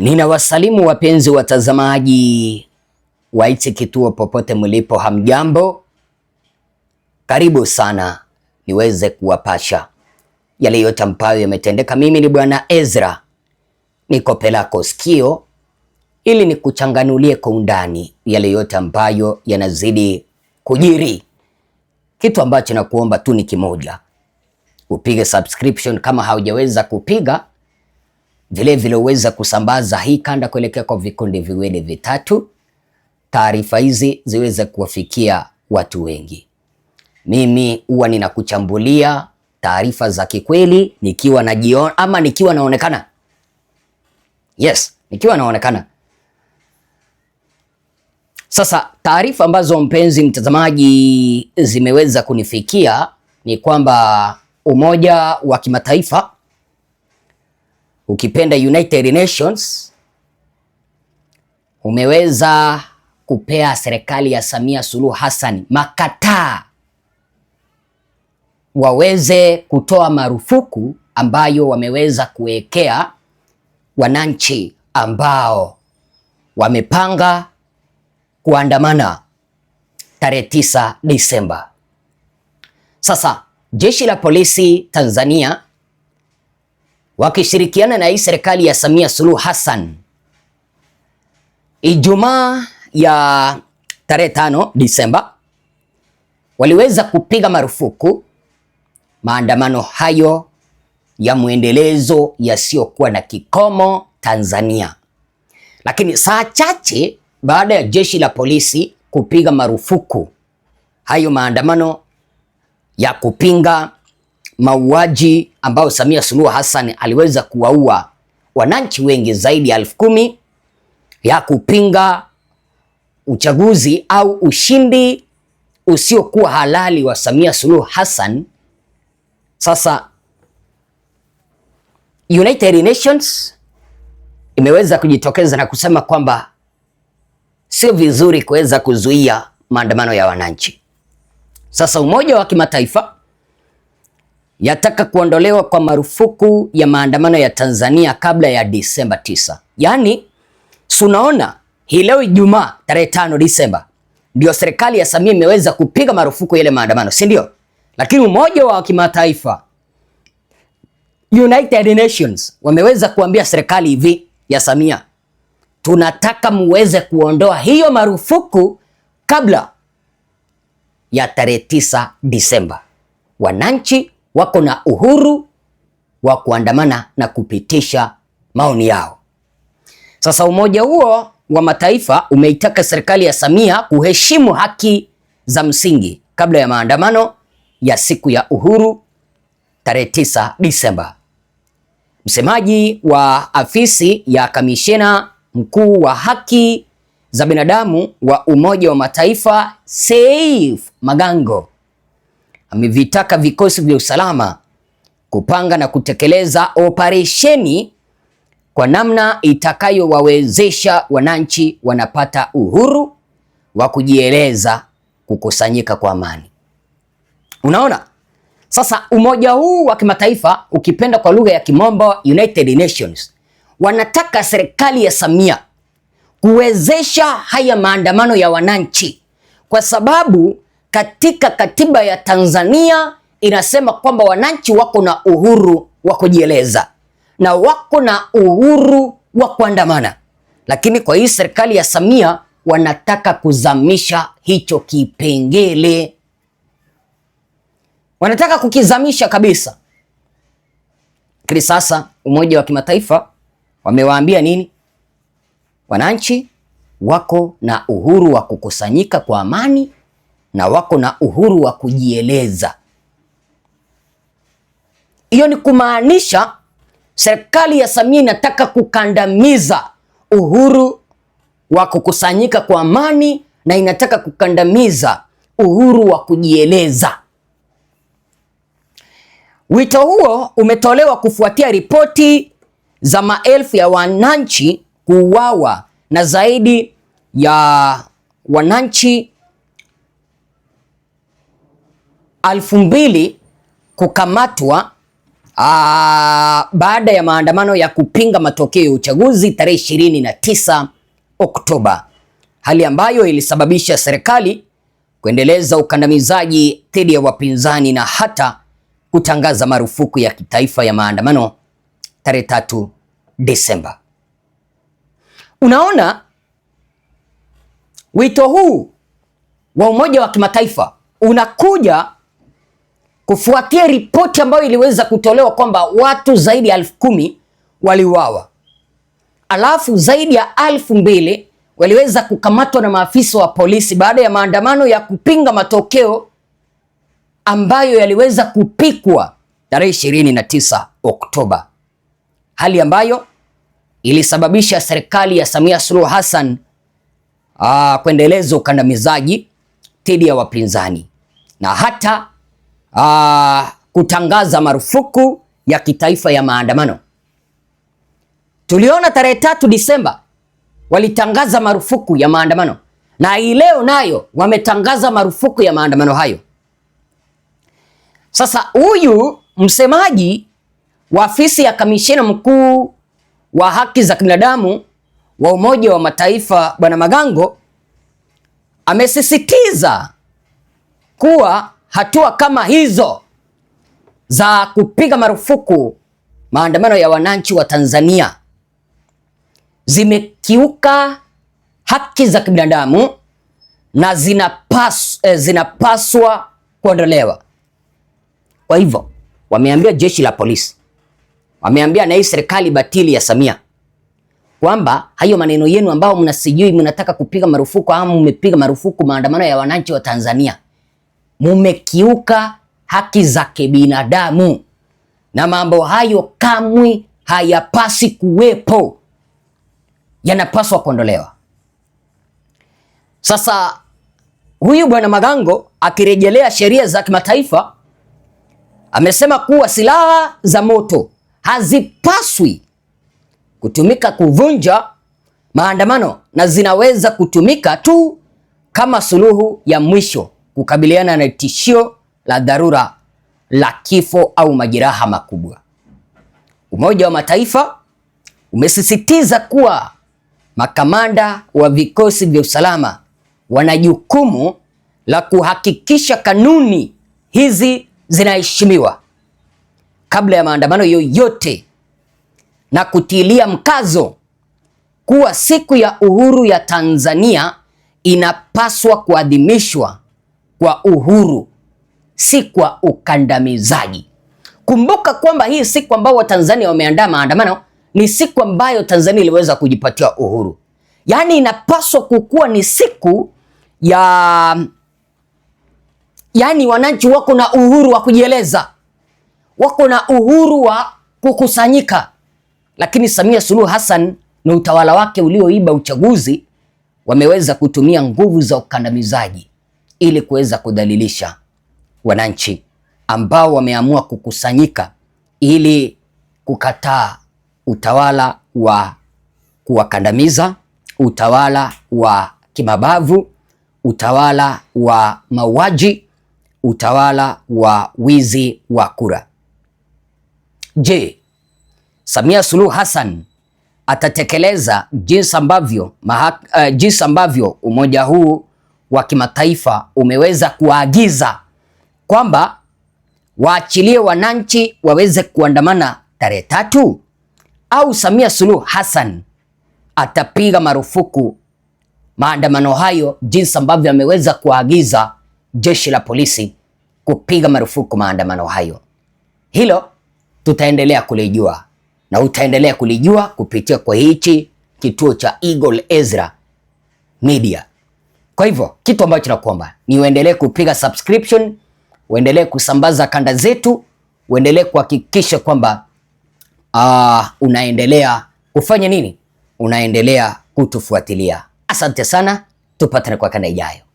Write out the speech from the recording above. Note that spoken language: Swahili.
Ninawasalimu wapenzi watazamaji wa hichi kituo popote mlipo, hamjambo? Karibu sana niweze kuwapasha yale yote ambayo yametendeka. Mimi ni Bwana Ezra, niko pelako sikio ili nikuchanganulie kwa undani yale yote ambayo yanazidi kujiri. Kitu ambacho nakuomba tu ni kimoja, upige subscription kama haujaweza kupiga Vilevile huweza kusambaza hii kanda kuelekea kwa vikundi viwili vitatu, taarifa hizi ziweze kuwafikia watu wengi. Mimi huwa ninakuchambulia taarifa za kikweli nikiwa najiona ama nikiwa naonekana, yes, nikiwa naonekana. Sasa taarifa ambazo mpenzi mtazamaji zimeweza kunifikia ni kwamba Umoja wa Kimataifa ukipenda United Nations, umeweza kupea serikali ya Samia Suluhu Hassan makataa waweze kutoa marufuku ambayo wameweza kuwekea wananchi ambao wamepanga kuandamana tarehe 9 Disemba. Sasa jeshi la polisi Tanzania wakishirikiana na hii serikali ya Samia Suluhu Hassan Ijumaa ya tarehe tano Disemba waliweza kupiga marufuku maandamano hayo ya mwendelezo yasiyokuwa na kikomo Tanzania. Lakini saa chache baada ya jeshi la polisi kupiga marufuku hayo maandamano ya kupinga mauaji ambayo Samia Suluhu Hassan aliweza kuwaua wananchi wengi zaidi ya elfu kumi ya kupinga uchaguzi au ushindi usiokuwa halali wa Samia Suluhu Hassan. Sasa United Nations imeweza kujitokeza na kusema kwamba sio vizuri kuweza kuzuia maandamano ya wananchi. Sasa Umoja wa Kimataifa yataka kuondolewa kwa marufuku ya maandamano ya Tanzania kabla ya Disemba 9. Yaani, sunaona hii leo Ijumaa tarehe 5 Disemba ndio serikali ya Samia imeweza kupiga marufuku yale maandamano, si ndio? Lakini umoja wa kimataifa United Nations wameweza kuambia serikali hivi ya Samia, tunataka muweze kuondoa hiyo marufuku kabla ya tarehe 9 Disemba. Wananchi wako na uhuru wa kuandamana na kupitisha maoni yao. Sasa umoja huo wa Mataifa umeitaka serikali ya Samia kuheshimu haki za msingi kabla ya maandamano ya siku ya uhuru tarehe 9 Disemba. Msemaji wa afisi ya kamishena mkuu wa haki za binadamu wa Umoja wa Mataifa Seif Magango amevitaka vikosi vya usalama kupanga na kutekeleza operesheni kwa namna itakayowawezesha wananchi wanapata uhuru wa kujieleza, kukusanyika kwa amani. Unaona, sasa umoja huu wa kimataifa ukipenda kwa lugha ya kimombo United Nations, wanataka serikali ya Samia kuwezesha haya maandamano ya wananchi kwa sababu katika katiba ya Tanzania inasema kwamba wananchi wako na uhuru wa kujieleza na wako na uhuru wa kuandamana, lakini kwa hii serikali ya Samia wanataka kuzamisha hicho kipengele, wanataka kukizamisha kabisa. Lakini sasa Umoja wa Kimataifa wamewaambia nini? Wananchi wako na uhuru wa kukusanyika kwa amani na wako na uhuru wa kujieleza. Hiyo ni kumaanisha serikali ya Samia inataka kukandamiza uhuru wa kukusanyika kwa amani na inataka kukandamiza uhuru wa kujieleza. Wito huo umetolewa kufuatia ripoti za maelfu ya wananchi kuuawa na zaidi ya wananchi alfu mbili kukamatwa baada ya maandamano ya kupinga matokeo ya uchaguzi tarehe 29 Oktoba, hali ambayo ilisababisha serikali kuendeleza ukandamizaji dhidi ya wapinzani na hata kutangaza marufuku ya kitaifa ya maandamano tarehe 3 Desemba. Unaona, wito huu wa umoja wa kimataifa unakuja kufuatia ripoti ambayo iliweza kutolewa kwamba watu zaidi ya elfu kumi waliuawa, alafu zaidi ya elfu mbili waliweza kukamatwa na maafisa wa polisi baada ya maandamano ya kupinga matokeo ambayo yaliweza kupikwa tarehe 29 Oktoba, hali ambayo ilisababisha serikali ya Samia Suluhu Hassan ah, kuendeleza ukandamizaji dhidi ya wapinzani na hata aa, ah, kutangaza marufuku ya kitaifa ya maandamano. Tuliona tarehe tatu Disemba walitangaza marufuku ya maandamano na hii leo nayo wametangaza marufuku ya maandamano hayo. Sasa huyu msemaji wa afisi ya kamishina mkuu wa haki za binadamu wa Umoja wa Mataifa Bwana Magango amesisitiza kuwa hatua kama hizo za kupiga marufuku maandamano ya wananchi wa Tanzania zimekiuka haki za kibinadamu na zinapas, eh, zinapaswa kuondolewa. Kwa hivyo wameambia jeshi la polisi, wameambia na hii serikali batili ya Samia kwamba hayo maneno yenu ambao mnasijui mnataka kupiga marufuku au mmepiga marufuku maandamano ya wananchi wa Tanzania mumekiuka haki za kibinadamu, na mambo hayo kamwe hayapasi kuwepo, yanapaswa kuondolewa. Sasa huyu bwana Magango akirejelea sheria za kimataifa amesema kuwa silaha za moto hazipaswi kutumika kuvunja maandamano na zinaweza kutumika tu kama suluhu ya mwisho kukabiliana na tishio la dharura la kifo au majeraha makubwa. Umoja wa Mataifa umesisitiza kuwa makamanda wa vikosi vya usalama wana jukumu la kuhakikisha kanuni hizi zinaheshimiwa kabla ya maandamano yoyote na kutilia mkazo kuwa siku ya uhuru ya Tanzania inapaswa kuadhimishwa kwa uhuru, si kwa ukandamizaji. Kumbuka kwamba hii siku ambayo Watanzania wameandaa maandamano ni siku ambayo Tanzania iliweza kujipatia uhuru, yaani inapaswa kukuwa ni siku ya yaani wananchi wako na uhuru wa kujieleza, wako na uhuru wa kukusanyika. Lakini Samia Suluhu Hassan na utawala wake ulioiba uchaguzi wameweza kutumia nguvu za ukandamizaji, ili kuweza kudhalilisha wananchi ambao wameamua kukusanyika ili kukataa utawala wa kuwakandamiza, utawala wa kimabavu, utawala wa mauaji, utawala wa wizi wa kura. Je, Samia Suluhu Hassan atatekeleza jinsi ambavyo, uh, jinsi ambavyo umoja huu wa kimataifa umeweza kuwaagiza kwamba waachilie wananchi waweze kuandamana tarehe tatu, au Samia Suluhu Hassan atapiga marufuku maandamano hayo jinsi ambavyo ameweza kuwaagiza jeshi la polisi kupiga marufuku maandamano hayo. Hilo tutaendelea kulijua na utaendelea kulijua kupitia kwa hichi kituo cha Eagle Ezra Media. Kwa hivyo kitu ambacho tunakuomba ni uendelee kupiga subscription, uendelee kusambaza kanda zetu, uendelee kuhakikisha kwamba uh, unaendelea kufanya nini, unaendelea kutufuatilia. Asante sana, tupatane kwa kanda ijayo.